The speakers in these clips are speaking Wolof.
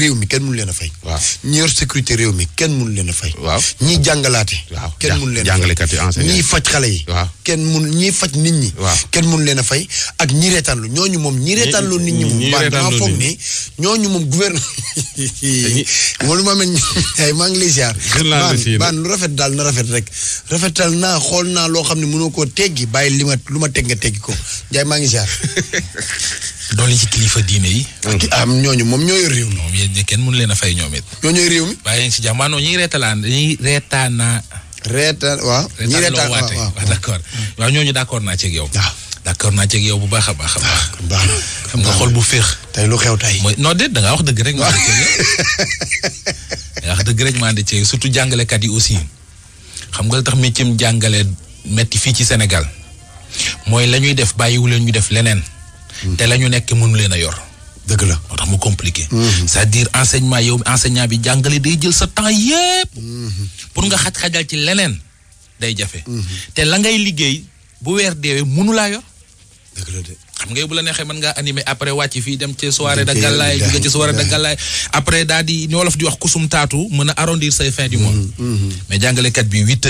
réew mi kenn mënu leen fay. waaw ñi yor réew mi kenn mënu leen a fay. waaw ñi jàngalaate. waaw kenn munu leen a fay jàngalekat yi enseignant ñiy faj xale yi. waaw kenn mënu ñii faj nit ñi. waaw kenn munu leen a fay ak ñi reetaanlu ñooñu moom ñii ñi reetaanlu nit ñi moom baax dama foog ni ñooñu moom gouvernement. wala maa mel ni maa ngi lay ziar. baan lu rafet daal na rafet rek rafetal naa xool naa loo xam ne mënoo koo teggi bàyyi li ma lu ma teg nga teggi ko Ndiaye maa ngi ziar doole ci kilifa diine yi. am ah, ah, ñooñu moom ñooy réew mi. moom kenn mënu leen a fay ñoom it. ñoo waaye ñu si jàmm waaw ah, non ñi reetalaan ñi reetaana. reetaan waa ñi reetaan waaw ñooñu d' naa ci ak yow. waaw d' naa ci ak bu baax a baax a baax. xam nga xol bu féex. tey lu xew tey. mooy non déet wax dëgg rek. waaw wax dëgg rek maa ngi ci surtout jàngalekat yi aussi xam nga tax métier jàngale metti fii ci senegal mooy lañuy ñuy def bàyyiwu leen ñu def leneen te la ñu nekk mënu leen a yor. dëgg la moo tax mu compliqué. sa diir dire enseignement yow enseignant bi jàngale day jël sa temps yépp mm-hmm. pour nga xaj-xajal ci leneen day jafe. Mm-hmm. te la ngay liggéey bu weer deewee mënu laa yor. dëgg la de xam nga bu la neexee mën ngaa animé après wàcc fii dem ci soirée da gàllaay jóge ci soirée da gàllaay après daal di ni wolof di wax kusum taatu mën a arrondir say fin du mois. Mm-hmm. mais jàngalekat bi huit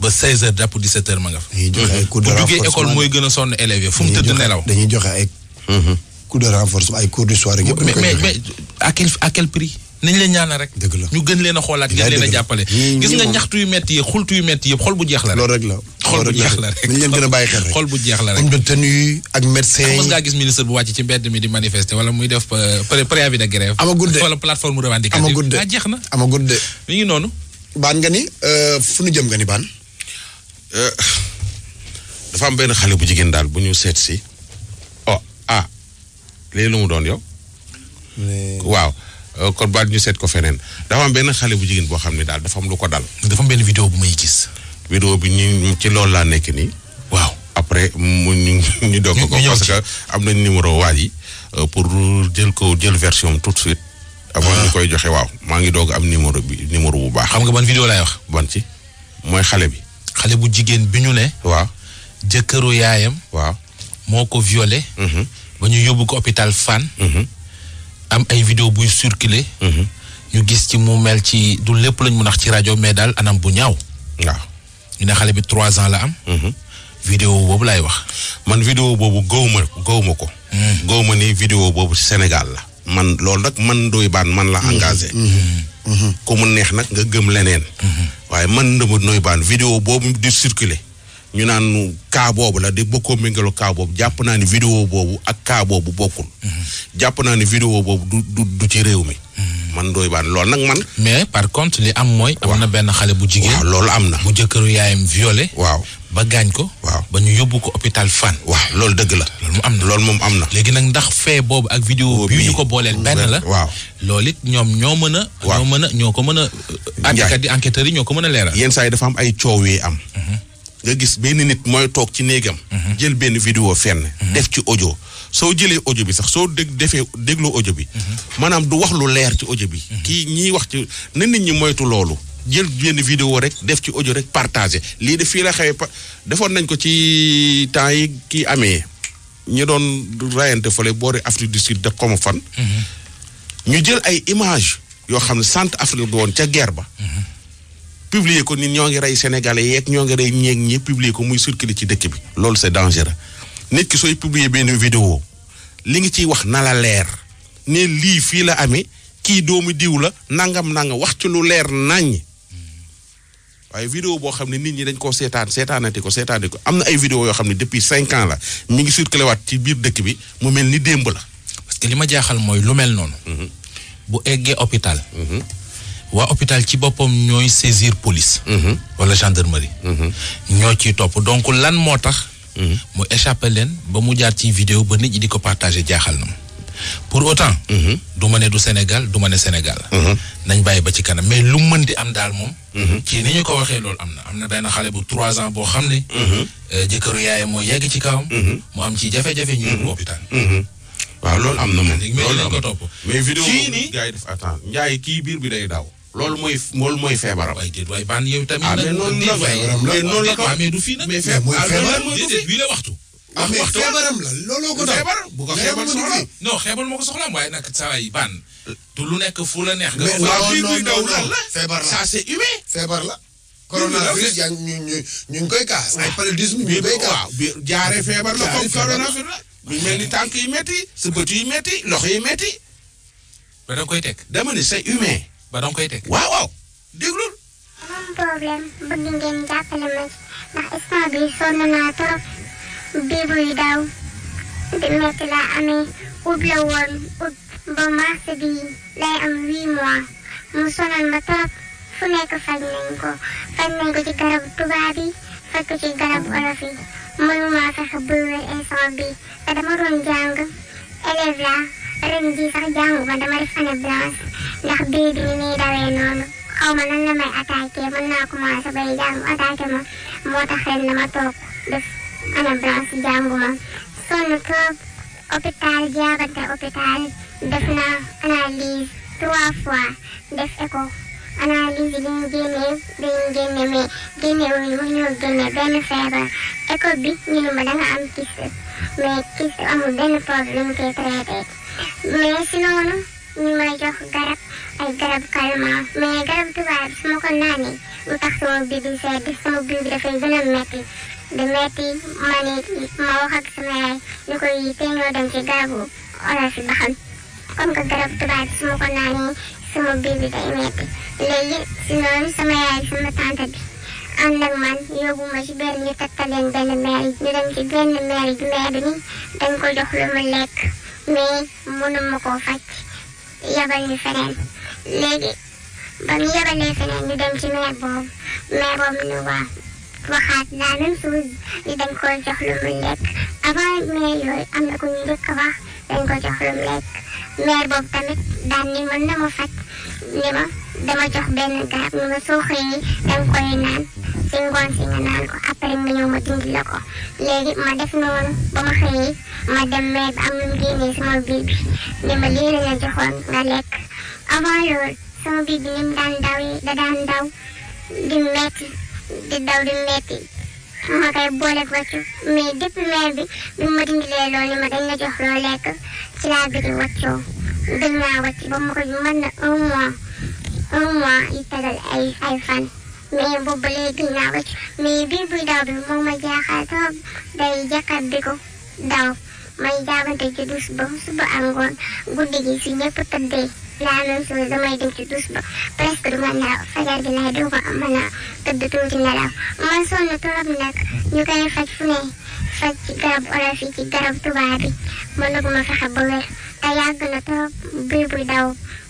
ba 16 heures jàpp 17 heures ma nga fa. dañuy joxe mm-hmm. ay cours bu duggee école mooy gën a sonn élèves yi fu tëdd nelaw. dañuy joxe ay. Mm-hmm. cours de renforcement ay cours du soir nañ leen ñaana rek. dëgg la gën leen a xoolaat gën jàppale. gis nga ñaxtu yu métti yi xultu yëpp xol bu jeex la rek. loolu rek la xol bu jeex bu jeex la rek. homme de tenue ak médecin ci mbedd mi di muy def euh, préavis de grève. amagul de wala plateforme revendicative. amagul de ah, jeex na amagul de. mi ngi noonu. baan nga ni euh, fu nu jëm nga ni baan. Euh, dafa am benn xale bu jigéen daal bu ñu seet si oh ah léegi lu mu doon yow. waaw euh, kon baat ñu seet ko feneen dafa am benn xale bu jigéen boo xam ne daal dafa am lu ko dal. dafa am benn vidéo bu may gis. vidéo bi ñu ci loolu laa nekk nii. waaw après mu ñu ñu doog ko parce que am nañ numéro waa ji euh, pour jël ko jël version tout de suite. avant ah. ñu koy joxe waaw maa ngi doog am numéro bi numéro bu baax. xam nga ban vidéo laay wax. ban ci mooy xale bi. xale bu jigéen bi ñu ne. waaw jëkkëru yaayam. waaw moo ko violé. Mm-hmm. ba ñu yóbbu ko hôpital Fann. Mm-hmm. am ay vidéo buy circuler. Mm-hmm. ñu gis ci mu mel ci du lépp lañ mun a ci rajo mais daal anam bu ñaaw. waaw ñu ne xale bi trois ans la am. video boobu laay wax. man vidéo boobu gowma gowma ko. Mm. gowma ni vidéo boobu Sénégal la. man loolu nag man doy baan man la engagé. ku mu neex nag nga gëm leneen. waaye man Ndeumbeuck Ndoye Bane vidéo boobu di circuler ñu naan cas boobu la di bokkoo méngaloo cas boobu jàpp naa ni vidéo boobu ak cas boobu bokkul. jàpp naa ni vidéo boobu du du ci réew mi. man Ndoye Bane loolu nag man. mais par contre li am mooy. am na benn xale bu jigéen. loolu am na. bu jëkkëru yaayam violé. waaw ba gaañ ko. waaw. ba ñu yóbbu ko hôpital Fann waaw loolu dëgg la loolu mu am loolu moom am na léegi nag ndax fee boobu ak vidéo bi ñu ko booleel benn la waaw loolu it ñoom ñoo mën a ñoo mën a ñoo ko mën a àttekat di enquêteurs yi ñoo ko mën a leeral yenn saa yi dafa am ay coow yi am mhm. nga gis benn nit mooy toog ci néegam mhm. jël benn vidéo fenn mhm. def ci audio soo jëlee audio bi sax soo dégg defee dégloo audio bi maanaam du wax lu leer ci audio bi kii ñiy wax ci na nit ñi moytu loolu jël benn vidéo rek def ci ojo rek partagé lii de fii la xewee pa defoon nañ ko ci temps yi kii amee ñu doon rayante fële boori Afrique du Sud def xoma fan ñu jël ay image yoo xam ne centre Afrique woon ca guerre ba mm-hmm. publier ko nit ñoo ngi rey sénégalais yeeg ñoo ngi rey ñeeg ñi publier ko muy circuler ci dëkk bi loolu c'est dangereux nit ki sooy publier benn vidéo li ngi ciy wax nala leer ne lii fii la amee kii doomu diw la nangam nanga wax ci lu leer naññ waaye vidéo boo xam ne nit ñi dañ koo seetaan seetaanati ko seetaanati ko am na ay vidéo yoo xam ne depuis cinq ans la ñu ngi circulé waat ci biir dëkk bi mu mel ni démb la. parce que li ma jaaxal mooy lu mel noonu. Mhm. bu eggee hôpital. Mhm. waa hôpital ci boppam ñooy saisir police. Mhm. wala gendarmerie. ñoo ciy topp donc lan moo tax. mu échappé leen ba mu jaar ci vidéo ba nit ñi di ko partagé jaaxal na ma. pour autant. Mhm. du ma ne du Sénégal du ma ne Sénégal. Mhm. nañ bàyyi ba ci kanam mais lu mën di am daal moom. ci mhm. ni ñu ko waxee loolu am na am na benn xale bu trois ans boo xam ne. Euh, jëkkëru yaay moo yegg ci kawam. mu am ci jafe-jafe ñu yóbbu hôpital. waaw loolu am na moom loolu am ko topp mais vidéo kii nii gars yi def attends njaay kii biir bi day daaw. loolu mooy loolu mooy feebaram. waaye déet waaye ban yow tamit. ah mais noonu ah, fii nag. mais feebar mooy feebar mooy du ah mais xeebaram la looloo ko dal xeebar bu ko xeebal soxla moo ko soxla waaye nag saa yi ban. te lu nekk fu la neex. mais non non feebar la ça c'est humain. feebar la. coronavirus ñu ñu ñu ngi koy kaas. ay paludisme feebar la comme mel ni tànk yi métti sa bët yi métti loxo yi métti. ba da nga koy teg dama ni c'est humain. ba da nga koy teg waaw waaw déglul. dama am problème bëgg ngeen jàppale ma ndax instant bii sonn naa trop. biiruy daaw di métti laa amee ut la woon ut ba mars am huit mois mu sonal ma trop fu nekk faj nañ faj nañ ci garabu tubaab faj ko ci garabu olof yi mënuma fexe ba e wér instant bi te dama doon jàng la ren jii sax jàngu ba dama def année blanche ndax noonu xaw ma la may attaqué mën naa commencé bay jàng attaqué ma moo tax ren dama toog def amee branche jànguma sonn trop hôpital jaabante hôpital def na analyse trois fois def écho analyse yi dañu génne dañu génne mais génne wu ñu mënuñoo benn feebar écho bi ñu ne am kyste mais kyste amul benn problème koy traité mais si noonu ñu may jox garab ay garab calmant mais garab tubaab su ma ko tax sama biir di sedd sama biir bi dafay gën a metti di metti ma ne ma wax ak sama yaay ñu koy tey ñoo dem ci garabu orange bi ba xam comme que garab tubaab su ko naanee sama biir bi day metti léegi si sama yaay sama tante bi ànd ak man yóbbu ci benn ñu tattaleen benn mairie ñu dem ci benn mairie bi mairie bi dañ ko jox lu mu lekk mais mënu koo faj yabal feneen léegi ba mu yabalee feneen ñu dem ci maire boobu maire boobu ni waa waxaat la même chose ni dañ ko jox lu mu lekk a mais yooyu am na ku ñu njëkk a wax dañ ko jox lu mu lekk maire boobu tamit daan ni mën na ma faj ni ma dama koy naan si ngoon nga naan ko après nga ñëw ma dindi la ko ma def noonu ba ma xëyee ma dem maire am lu mu génnee sama biir bi ni ma lii la la nga lekk avant loolu sama biir ni mu daan daw da daan daw di di daw di metti ma koy booleeg wàccu mais depuis maire bi bi ma dindilee loolu ma dañ jox loo lekk ci laa gëj a wàccoo gëj naa wàcc ba ma na un mois un mois ay ay fan mais boobu ba léegi gëj naa wàcc bii daw bi moom ma jaaxal day jàkkaat bi ko daw may jaabante ci dus ba suba ak ngoon guddi gi ñëpp tëddee. laa doon soo damay dem ci douche ba presque du ma nelaw fajar bi laay doo ko mën a tëdd tuuti nelaw man sonn trop nag ñu koy faj fu ne faj ci garab olof yi ci garab tubaab bi mënaguma fexe ba wér te yàgg na trop buy buy daw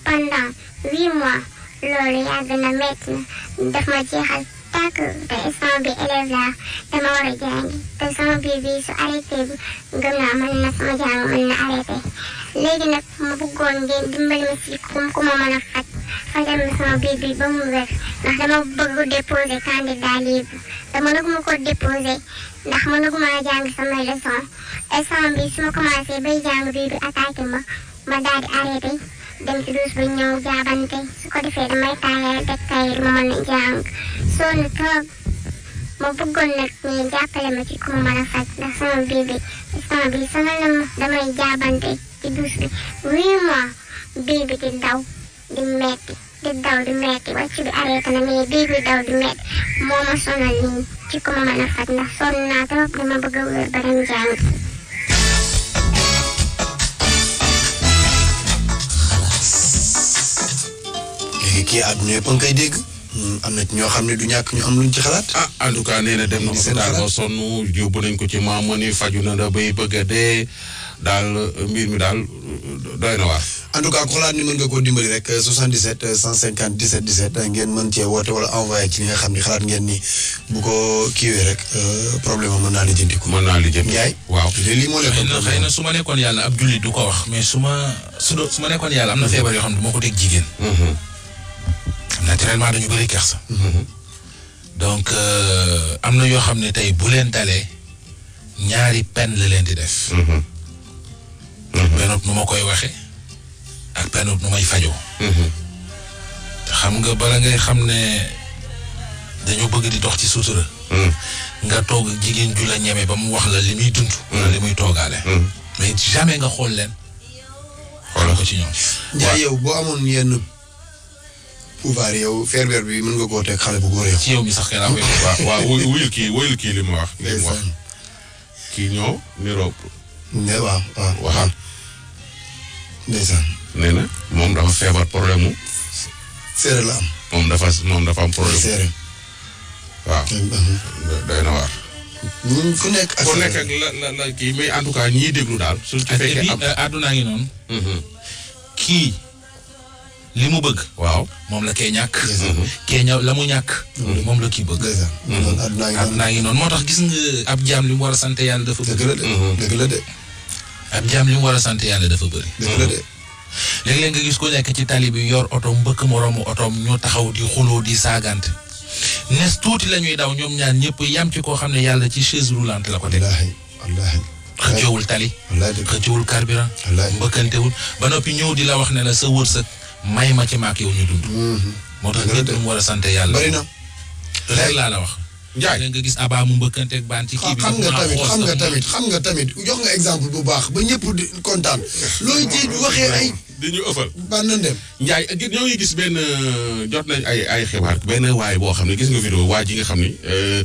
pendant huit mois loolu yàgg na métti na daf ma jeexal tàkk te instant bi élève laa dama war a jàngi te sama bi su arrêté bi gëm naa mën na sama jàng mën na léegi nag ma bëggoon ngeen dimbali ma ci kum ku ma mën a faj fajal ma sama a bi ba mu wér ndax dama bëgg déposer candidat libre te mënaguma ko déposer ndax mënaguma jàng samay leçon instant bi su ma commencé bay jàng biir bi attaqué ma ma daal di arrêté dem ci douche ba ñëw su ko defee damay taayal teg tayal ma mën a jàng soo ne ma bëggoon nag ngeen jàppale ma ci ku ma mën a faj ndax sama biir bi instant bi sonal ma damay ci douche bi huit bii bi di daw di metti di di daw di metti moo ma sonal nii ci ko ma mën a faj ndax sonn naa trop dama bëgg a wér beneen kii at hmm, ñoo xam ne du ñàkk ñu am luñ ci xalaat. ah sonn yóbbu nañ ko ci maam ma ni faju na da bay bëgg dee. daal mbir mi daal doy na waar. en tout cas ku xalaat ni mën nga koo dimbali rek 77 150 17 17 ngeen mën cee woote wala envoyé ci li nga xam ne xalaat ngeen ni bu ko kiiwee rek euh, problème am mën naa lijjanti ko. mën naa lijjanti Ndiaye. waaw lii moo nekkoon problème xëy na su ma nekkoon yàlla ab jullit du ko wax mais su ma su su ma nekkoon yàlla am na feebar yoo xam ne du ma ko teg jigéen. Mhm. naturellement dañu bëri kersa. Mhm. donc euh, am na yoo xam ne tey bu leen dalee ñaari la leen di def. Mhm. ak benn nu ma koy waxe ak benn nu may fajoo. Mhm. xam nga bala ngay xam ne dañoo bëgg di dox ci sutura. Mhm. nga toog jigéen ju la ñeme ba mu wax la li muy dund. Mhm. wala li muy toogaale. mais jamais nga xool leen. xoolal ko ci ñoom. waaw yow boo amoon yenn pouvoir yow ferber bi mën nga koo teg xale bu góor yow. ci yow mi sax kenn am waaw waaw kii wóyul kii li mu wax. li mu wax kii ñoo niroog. ne waaw waaw. ndeysaan nee na moom dafa feebar problème mu. séeréer la am. moom dafa moom dafa am problème séeréer. waaw. doy na waar. ku nekk ak ku la la la kii mais en tout cas ñiy déglu daal. surtout fekkee am euh, àdduna ngi noonu. Mm-hmm. kii li mu bëgg. waaw moom la kee ñàkk. Mm-hmm. kee ña la mu ñàkk. Mm-hmm. moom la kii bëgg. àdduna ngi noonu moo tax gis nga ab jaam li mu war a sant yàlla dafa. dëgg dëgg la de. ab jaam li mu war a sant yàlla dafa bëri. léeg-léeg nga gis ko nekk ci tali bi yor otoom mbëkk moroomu otoom ñu taxaw di xuloo di saagante nes tuuti la ñuy daw ñoom ñaar ñëpp yam ci koo xam ne yàlla ci chaise roulante la ko teg. wallaahi wallaahi. xëccoowul tali. xëccoowul carburant. mbëkkantewul ba noppi ñëw di la wax ne la sa wërsëg may ma ci maak yow ñu dund. Mm-hmm. moo tax nit mu war a sant yàlla. bëri na. leer laa la wax. Ndiaye nga gis abaa mu mbëkkanteeg baan ci kii bi. xam nga tamit xam nga tamit xam nga tamit jox nga exemple bu baax ba ñëpp di kontaan. looy ji waxee ay. dañu ëffal. ban dem. Ndiaye ñoo ngi gis benn euh, jot nañ ay ay xibaar benn waay boo xam ne gis nga vidéo waa ji nga xam ne euh,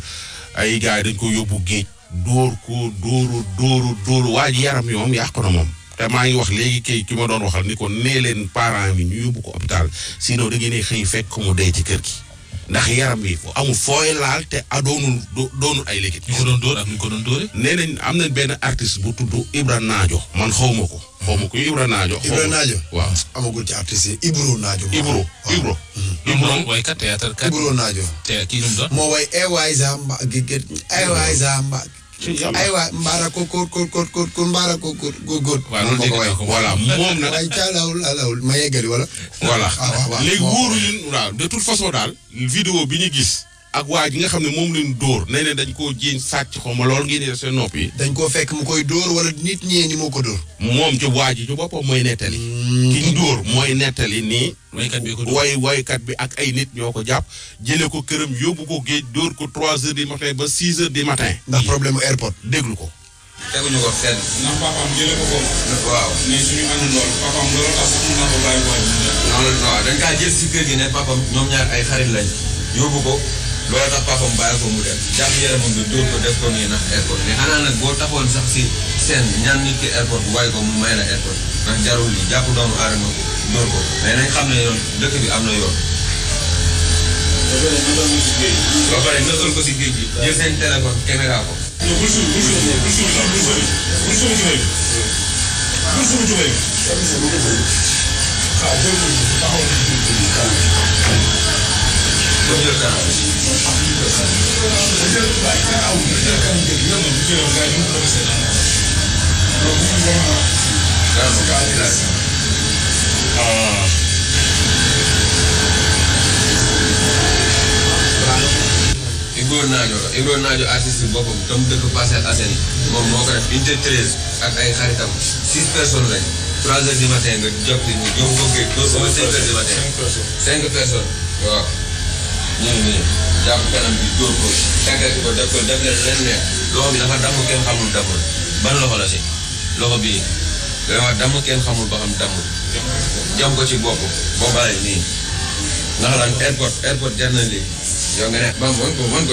ay gars dañ ko yóbbu géej. dóor ko dóoru dóoru dóoru waa ji yaram yi moom yàqu na moom. te maa ngi wax léegi kay ki ma doon waxal ni ko nee leen parents yi ñu yóbbu ko hôpital sinon da ngeen xëy fekk mu dee ci kër gi. ndax yaram wi amul fooy laal te a doonul doonul ay léegi. ñu ko doon dóor ak ñu ko doon am nañ benn artiste bu tudd Ibra Naajo. man xaw ma ko. xaw ma Ibra Naajo. Ibra Naajo waaw. amagul ci artiste yi Naajo. Mm. Ibro Ibro. Ibro waay kat moo way Ewaay Zamba gi gi aywa mbaara ko kóor kóor kóor kóor kóor mbaara ko kóor góor góor. waaw loolu dégg naa ko voilà moom ma yeggali wala. voilà ah, léegi wóoruñu waaw de toute façon daal vidéo bi ñu gis. ak waa ji nga xam ne moom leen dóor nee ne dañ koo jéem sàcc xaw ma loolu ngeen seen nopp yi. dañ koo fekk mu koy dóor wala nit ñee ñi moo ko dóor. moom ci waa ji ci boppam mooy nettali. Mm. ki ñu dóor mooy nettali nii. waykat bi ko way waykat bi ak ay nit ñoo ko jàpp jëlee ko këram yóbbu ko géej dóor ko trois heures du matin ba six heures du matin. ndax problème mu airport déglu ko. teguñu ko fenn. ndax papaam jëlee ko suñu ànd loolu papaam loolu tax sax mun naa ko bàyyi ko. non non dañ kaa jël si kër gi ne ay xarit lañ yóbbu ko loolu tax papam bàyyi ko mu dem jàpp yaramam bi dóor ko def ko nii ndax airport mais nag boo taxoon sax si seen ñaan nit ki airport bu bàyyi ko mu may la airport ndax jarul li jàpp doomu aadama dóor ko mais nañ xam ne yoon dëkk bi am na yoon. ba pare nësal ko si gi. jël seen téléphone caméra ko. non bul suul Ibro Naajo la Ibro Naajo artiste bi boppam tam dëkk Parcelles Assainies moom moo ko def jot ni ñu jóg ko géej waaw. ñooñu jàpp kanam bi dóor ko tàggat def leen leen loxo bi dafa damm kenn xamul dammul ban loxo la si loxo bii dafa damm kenn xamul ba xam dammul jam ko ci bopp boo bàyyi nii ndax lan airport airport jar na lii man ko wan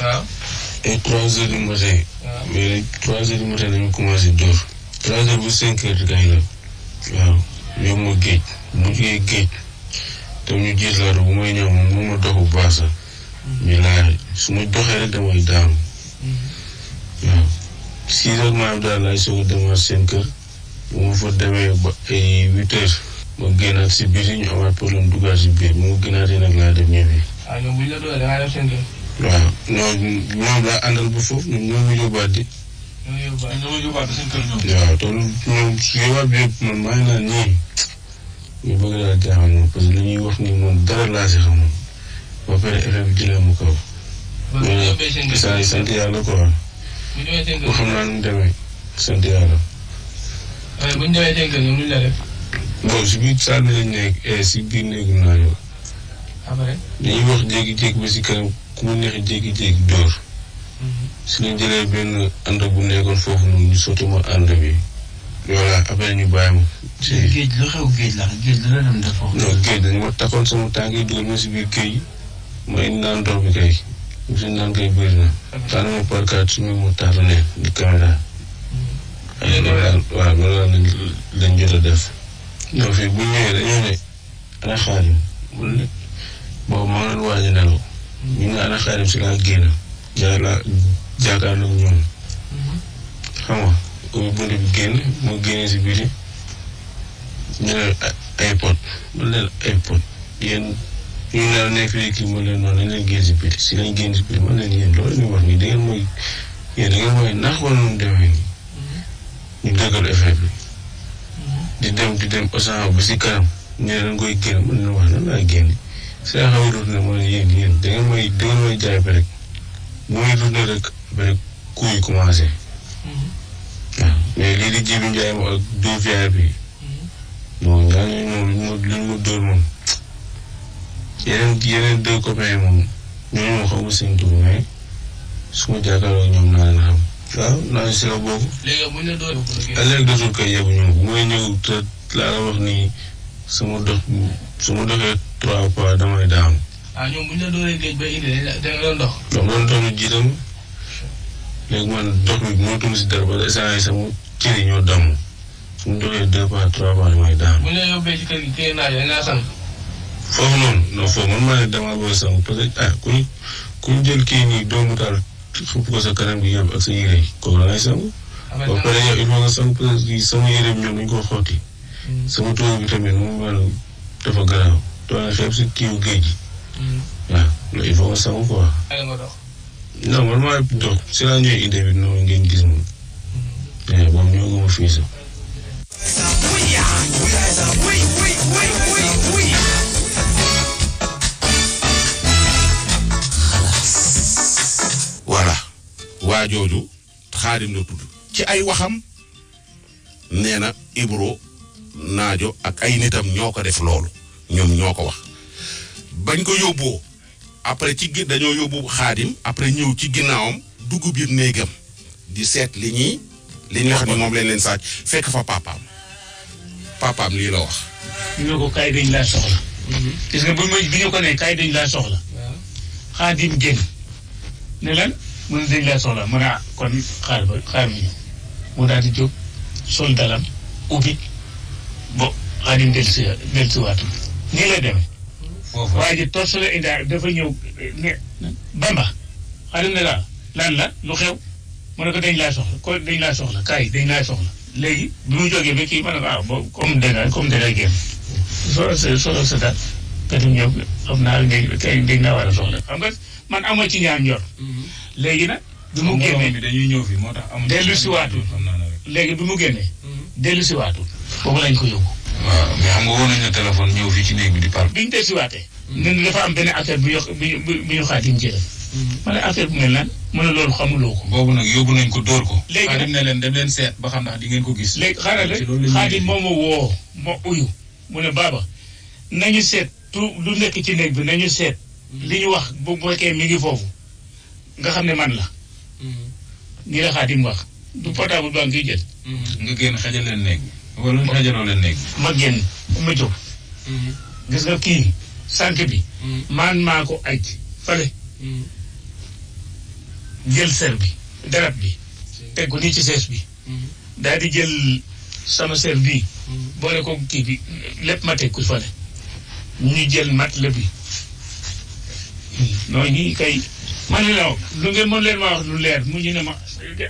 waaw ay trois heures du matin. mais nag trois heures du matin dañu commencé dóor. trois bu cinq heures gaay la. waaw yow ma géej bu jógee géej tam ñu gis laa bu ma doxu baax sax. mais su ma doxee rek damay daanu. waaw six heures maa ngi daal laay soog a demaat seen bu ma fa demee ba ay huit heures. génnaat si biir ñu amaat problème duggaat si biir mu génnaatee nag laa dem ñëw ah, ñu la doon waaw ñoom laa àndal bu foofu ñoom ñoo ma yóbbaati. waaw te ñoom su yóbbaat bi yëpp man maa ngi ñu bëgg laa jaaxal moom parce que li ñuy wax nii moom dara laa si xamul ba pare FM jëlee mu kaw. waaw sant yàlla quoi. bu xam naa nu mu demee sant yàlla. waaye kër si biir salle bi nekk eh, si biir néegu naa yow. dañuy wax jékki-jékki ba si kanam. ku mu neex jékki-jékki dóor. si ñu jëlee benn ànd bu nekkoon foofu noonu ñu sotti bi. voilà après ñu bàyyi ma. ci géej lu xew géej la géej la doon géej dañ sama tànk si biir géej ma indi naan ndox bi kay. suñ naan kay bëri na. daanaka ma parkaat suñu mu tax la ne di waaw loolu daal lañ lañ a def. ñoo fi bu ñëwee dañoo ne ana xaalis mu ne boobu maa ngi doon waaj a ñu ngi ànd ak xaarim si laa génn jaay laa jàkkaarloog ñoom. xam nga ubbi bunt bi génn mu génne si biir ñu ne ay ne la kii mu leen noonu dañ leen génn génn si biir man ñu wax nii da di dem di dem Ousseyn ba si kanam ñu ne dañ koy génn mën na wax nan laa génne. Cheikh Amadou ne mooy yéen yéen da jaay ba rek muy dundee rek rek ku yi commencé. Mm-hmm. waaw mais lii di Djibi Ndiaye moom ak deux VIP bi. bon ñooñu moom lu mu moom xaw ma seen tur mais su ma jàkkaarloo ñoom naa leen xam. waaw naa si la bokk. léegi amuñu la doon. léegi dootul kay yegguñu mooy ñëw te la wax nii. su ma dox su ma doxee trois fois damay daanu. ah da nga doon dox. donc man si dara ba instant yii sama cër yi ñoo damm su ma doxee deux trois fois damay daanu. bu ñu ci noonu foofu man maa ne damaa booy sang parce que ah jël kii nii doomu taal xëpp ko sa kanam gi yëpp ak sa yére yi kooku da ngay sang. Ah, ba ñoom dañu koo xotti. sama tool bi tamit moom wàllu dafa garaaw doon na si kiiw géej gi. Mm. waaw loolu il faut man maa dox si laa ñëwee idée bi noonu ngeen gis moom. mais mm. eh, boobu ay waxam na Ibro. naajo ak ay nitam ñoo ko def loolu ñoom ñoo ko wax bañ ko yóbboo après ci gi dañoo yóbbu xaadim après ñëw ci ginnaawam dugub yi néegam di seet li ñuy li ñuy wax ni moom leen leen sàcc fekk fa papaam papaam lii la wax. ñu ne ko kaay dañ laa soxla. Mhm. gis nga bi ñu ko nee kaay dañ laa soxla. xaadim génn ne lan mu ne dañ laa soxla mu ne ah, kon xaar ba xaar mu ñëw mu jóg sol dalam ubbi. bon xaadim dellusi dellusiwaatul nii la demee. foofu waaye ji tos la indaa dafa ñëw ne bamba xaadim la lan la lu xew mu ne dañ laa soxla ko dañ laa soxla kaay dañ laa soxla. léegi bi mu jógee ba kii ma ne ko ah boobu comme dégg comme dégg génn. solo sa solo sa daal kati ñëw xam naa ne kay dañ naa war a soxla. xam nga man amoo ci ñaar njor. Mm-hmm. léegi nag. bi mu génnee dañuy ñëw fi moo tax amuñu. dellusiwaatul léegi bi mu génnee. Mm-hmm. dellusiwaatul. foofu lañ ko yóbbu. waaw mais xam nga woon nañu téléphone ñëw fii ci néeg bi di par. biñ tey si waatee. ñun dafa am benn affaire bu ñu bu bu ñu xaatiñ ci def. ma affaire bu mel na ma ne loolu xamuloo ko. boobu nag yóbbu nañ ko dóor ko. léegi xaatim ne leen dem leen seet ba xam ndax di ngeen ko gis. léegi xaaral rek xaatim moo ma woo ma uyu mu ne baaba nañu seet tu lu nekk ci néeg bi nañu seet. Mm-hmm. li ñu wax bu fekkee mi ngi foofu nga xam ne man la. Mm-hmm. nii la xaatim wax du portable baa ngi jël. Mm-hmm. nga génn xajal leen néeg wala dajaloo ma génn ma mm-hmm. gis nga kii sànq bi. maan mm-hmm. maa ko aj fale. Mm-hmm. jël ser bi darab bi. tegu ko nii ci sees bi. daal di jël sama ser bii. boole ko kii bi lépp ma teg fale. ñu jël mat la bi. noo kay. man la lu ngeen mën leen maa wax lu leer mu ñu ne ma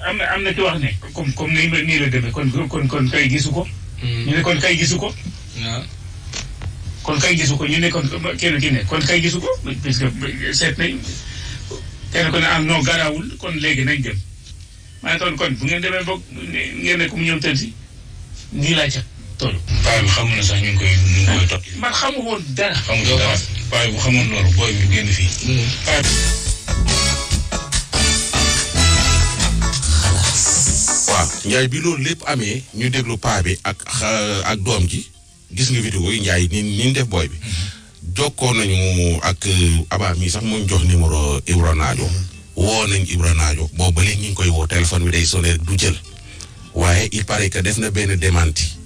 am na na ci wax ne. comme comme ni nii la demee kon kon kon kay gisu ko. Hmm. ñu ne kon kay gisu ko. waaw. kon kay gisu ko ñu ne kon kenn ki ne kon kay gisu ko seet nañ kenn ku ne am ah, noo garaawul kon léegi nañ dem ma ne kon kon bu ngeen demee boog ngeen ne ku mu ñëw tëdd si nii laa ca toll. paa bi xamul sax ñu ngi koy ñu ngi koy topp. man xamu woon dara. xamu paa bi bu loolu booy bi génn fii. Hmm. Ndiaye bi loolu lépp amee ñu déglu paa bi ak ak doom ji gis nga vidéo yi Ndiaye ni ni ñu def booy bi. Mm-hmm. jokkoo nañu ak euh, Aba mi sax moom jox numéro euh, Ibra Naajo. Mm-hmm. woo nañ Ibra Naajo boobu ba léegi ñu ngi koy woo téléphone bi day sonné du jël. waaye il paraît que def na benn démenti.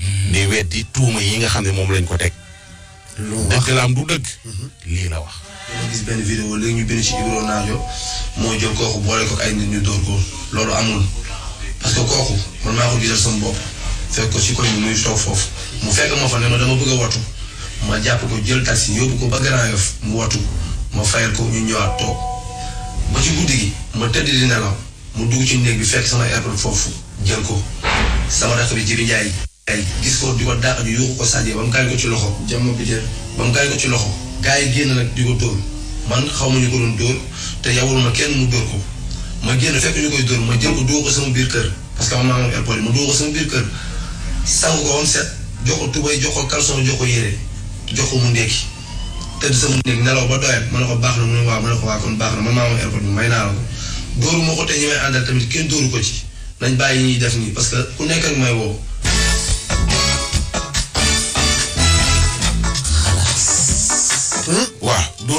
Mm-hmm. di weddi tuuma yi nga xam ne moom lañ ko teg. lu wax du dëgg. lii la wax. gis benn vidéo léegi ñu bind ci Ibro Naajo moo jël kooku boole ko ay nit ñu dóor ko loolu amul parce que kooku man maa ko gisal sama bopp fekk ko ci koñ muy toog foofu mu fekk ma fa ne ma dama bëgg a wattu ma jàpp ko jël taxi yóbbu ko ba Grand mu wattu ma fayal ko ñu ñëwaat toog ba ci guddi gi ma tëdd di nelaw mu dugg ci néeg bi fekk sama airport foofu jël ko sama rakk bi Jibi Njaay gis ko di ko dàq ñu yuuxu ko Sadio ba mu kaay ko ci loxo. jàmm bi jël ba mu kaay ko ci loxo. gars yi génn nag di ko dóor man xaw ma ñu ko doon dóor te yawul ma kenn mu dóor ko ma génn fekk ñu koy dóor ma jël ko dóor ko sama biir kër parce que am naa moom airport yi ma ko set jox ko jox ko caleçon jox jox ko mu ndékki tëdd sama nelaw ba doyal ko baax na mu ne ko waa kon baax na man maa moom airport bi may naa ko dóoru moo ko te ñi may àndal tamit kenn dóoru ko ci nañ bàyyi ñuy def nii parce que ku nekk ak may woo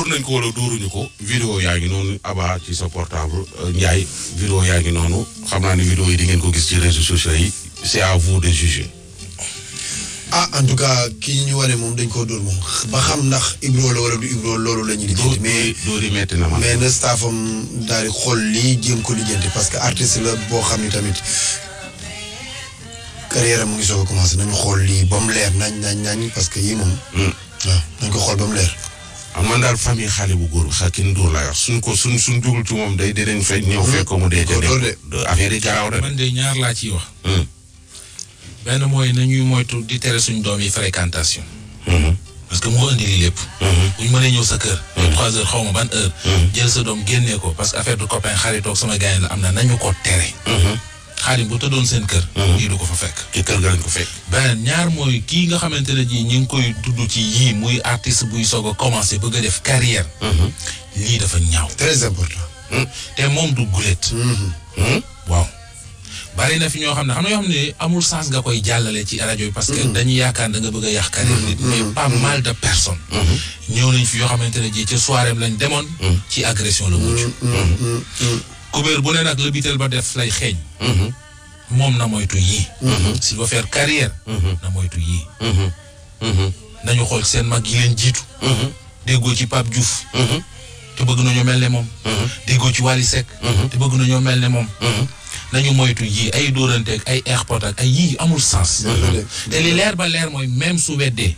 nañ ko wala ñu ko vidéo yaa ngi noonu Aba ci sa portable euh, Ndiaye vidéo yaa ngi noonu xam naa ne vidéo yi di ngeen ko gis ci réseaux sociaux yi c'est à vous de juger. ah en tout cas kii ñu waree moom dañ koo dóor moom ba xam ndax Ibro wala loolu la ñuy lijjanti. mais dóor yi metti na ma. mais na staffam daal di xool lii jéem ko lijjanti parce que artiste la boo xam ni tamit carrière mu ngi soo a nañ nañu xool lii ba mu leer nañ nañ nañ parce que yii moom. Hmm. waaw nañ am ah, man daal famille xale bu góor xaaki Ndour laa suñ ko suñ suñ jugul ci moom day dinañ hmm. fekk ñëw fekk laa ciy wax. Hmm. benn mooy nañuy moytu di tere suñ doom yi fréquentation. Hmm. parce que moo indi lii lépp. bu ñu mënee ñëw sa kër. trois heures xaw ma ban heure. jël sa doom génnee ko parce que affaire du copain xaritoog sama gars la am na nañu ko tere. xaari bu tëddoon seen kër. Mhm. kii du ko fa fekk. ci kër ga lañ ko fekk. beneen ñaar mooy kii nga xamante ne ji ñu ngi koy tudd ci yii muy artiste buy soog a bëgg a def carrière. Mhm. lii dafa ñaaw. Hmm? te moom du gulet. Mhm. Hmm? waaw. bari fi ñoo xam ne xam na yoo xam ne amul sens nga koy jàllale ci rajo yi. parce yaakaar da nga bëgg a yàq carrière nit mais pas mal de personnes. ñëw nañ fi yoo xamante ne ji ci soirée lañ demoon. ci agression la mujj. Hmm? kubéer bu ne nag la biteel ba def lay xeeñ mm-hmm. moom na moytu yii mm-hmm. s'il veut faire mm-hmm. na moytu yii nañu xool seen mag yi leen jiitu déggoo ci Pape Diouf te bëgg nañu mel ne moom déggoo ci Wally Seck te bëgg nañu mel ne moom nañu moytu yii ay dóorante ak ay airport ak ay yii amul sens te li leer ba leer mooy même su weddee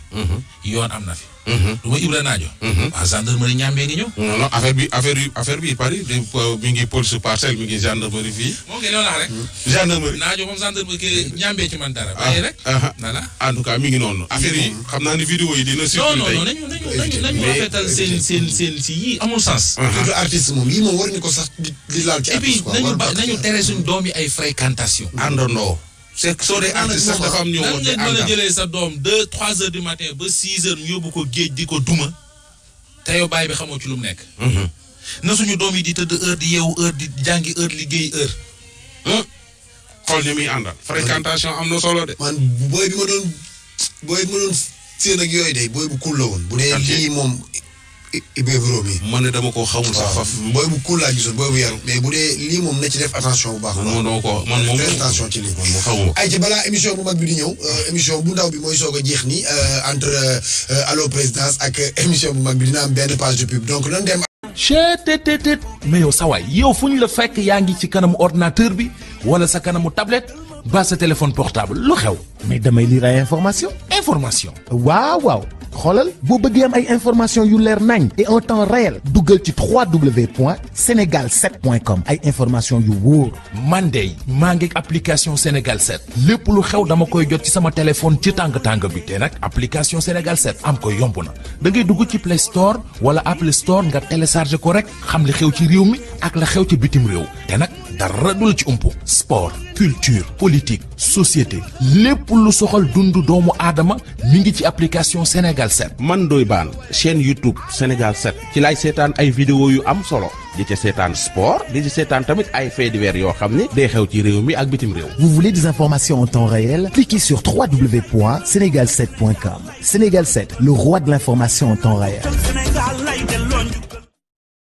yoon am na fi du mm-hmm. ma Ibra Naajo. Mm-hmm. waa gendarmerie ñàmbee ngi ñëw. non non affaire bi affaire bi affaire bi Paris de euh, mi ngi police parcelle mi ngi gendarmerie fii. moo ngi loolu rek. Mm-hmm. gendarmerie Naajo moom gendarmerie ñàmbee ci man dara. bàyyi ah, rek ah, ah. voilà. en tout cas mi ngi noonu. affaire yi xam naa ne vidéo yi dina. surtout tey non non nañu nañu nañu rafetal seen seen seen si yii amul sens. surtout artiste moom lii moom war ñu ko sax di laal ci artiste quoi. et puis nañu ba nañu tere suñu doom yi ay fréquentation. àndandoo. c'est soo dee artiste sax woon ne mën a sa doom deux trois heures di matin ba six heures ñu yóbbu ko géej di ko duma te yow baay bi xamoo ci lu mu nekk mhm. na suñu doom yi di tëdd heure di yeewu heure di jàngi heure liggéey heure hmm? xool ni muy àndal fréquentation am na solo de man booy bi ma doon booy bi ma doon seen yooyu de booy bu kul la woon bu dee lii moom Ibé Vrom yi. man de dama ko xamul sax faf. booy bu kuul laa gisoon booy bu yaru. mais bu dee lii moom na ci def attention bu baax. non non ko man moom attention ci lii. moom xamuma ay ci balaa émission bu mag bi di ñëw euh, émission bu ndaw bi mooy soo a jeex nii euh, entre euh, allo présidence ak émission bu mag bi dina am benn page de pub donc nan dem. cheetetetet mais yow sa waay yow fu ñu la fekk yaa ngi ci kanamu ordinateur bi wala sa kanamu tablette ba sa téléphone portable lu xew. mais damay lire ay information information waaw waaw xoolal boo bëggee am ay information yu leer nañ et en temps réel duggal ci wwwsenegal comme ay information yu wóor man de maa ngi application Sénégal 7 lépp lu xew dama koy jot ci sama téléphone ci tàng tàng bi te nag application Sénégal 7 am ko yomb na da ngay dugg ci Play Store wala Apple Store nga télécharge ko rek xam li xew ci réew mi ak la xew ci bitim réew te nag dara du la ci umpu sport culture politique société lépp lu soxal dundu doomu aadama mi ngi ci application Sénégal 7. man doy baan chaîne YouTube Sénégal 7 ci laay seetaan ay vidéo yu am solo di ca seetaan sport di ci seetaan tamit ay faits divers yoo xam ni day xew ci réew mi ak bitim réew. vous voulez des informations en temps réel cliquez sur wwwsenegal Sénégal 7 le roi de l'information en temps réel.